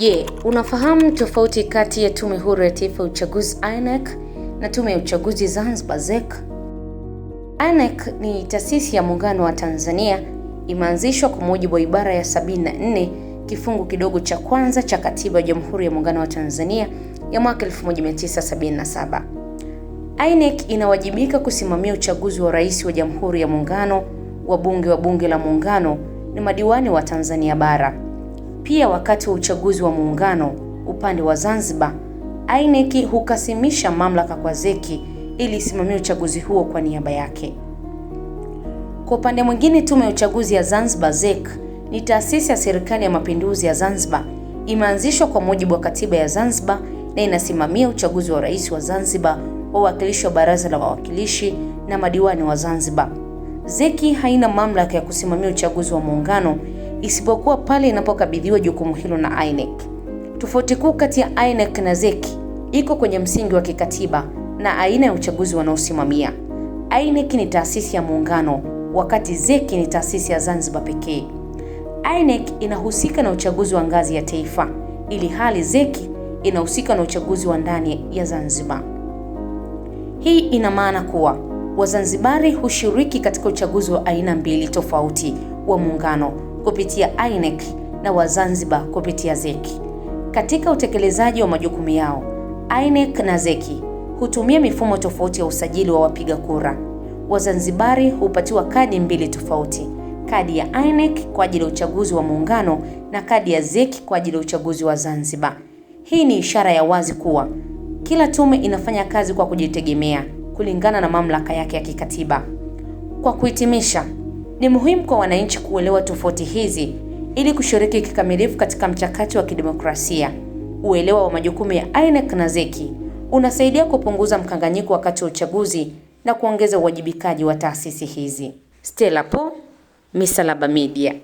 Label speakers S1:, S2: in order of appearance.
S1: Je, yeah, unafahamu tofauti kati ya Tume Huru ya Taifa ya Uchaguzi INEC na Tume ya Uchaguzi Zanzibar ZEC? INEC ni taasisi ya muungano wa Tanzania, imeanzishwa kwa mujibu wa ibara ya 74 kifungu kidogo cha kwanza cha Katiba ya Jamhuri ya Muungano wa Tanzania ya mwaka 1977. INEC inawajibika kusimamia uchaguzi wa rais wa Jamhuri ya Muungano, wabunge wa Bunge la Muungano na madiwani wa Tanzania Bara. Pia wakati wa uchaguzi wa muungano upande wa Zanzibar, INEC hukasimisha mamlaka kwa zeki ili isimamie uchaguzi huo kwa niaba yake. Kwa upande mwingine, tume ya uchaguzi ya Zanzibar ZEC ni taasisi ya serikali ya mapinduzi ya Zanzibar, imeanzishwa kwa mujibu wa katiba ya Zanzibar na inasimamia uchaguzi wa rais wa Zanzibar, wawakilishi wa baraza la wawakilishi na madiwani wa Zanzibar. ZEC haina mamlaka ya kusimamia uchaguzi wa muungano isipokuwa pale inapokabidhiwa jukumu hilo na INEC. Tofauti kuu kati ya INEC na ZEC iko kwenye msingi wa kikatiba na aina ya uchaguzi wanaosimamia. INEC ni taasisi ya muungano, wakati ZEC ni taasisi ya Zanzibar pekee. INEC inahusika na uchaguzi wa ngazi ya taifa, ili hali ZEC inahusika na uchaguzi wa ndani ya Zanzibar. Hii ina maana kuwa Wazanzibari hushiriki katika uchaguzi wa aina mbili tofauti wa muungano kupitia INEC na Wazanzibar kupitia ZEKI. Katika utekelezaji wa majukumu yao, INEC na ZEKI hutumia mifumo tofauti ya usajili wa wapiga kura. Wazanzibari hupatiwa kadi mbili tofauti, kadi ya INEC kwa ajili ya uchaguzi wa Muungano na kadi ya ZEKI kwa ajili ya uchaguzi wa Zanzibar. Hii ni ishara ya wazi kuwa kila tume inafanya kazi kwa kujitegemea kulingana na mamlaka yake ya kikatiba. Kwa kuhitimisha, ni muhimu kwa wananchi kuelewa tofauti hizi ili kushiriki kikamilifu katika mchakato wa kidemokrasia. Uelewa wa majukumu ya INEC na unasaidia kupunguza mkanganyiko wakati wa uchaguzi na kuongeza uwajibikaji wa taasisi hizi.
S2: Stella Po, Misalaba Media.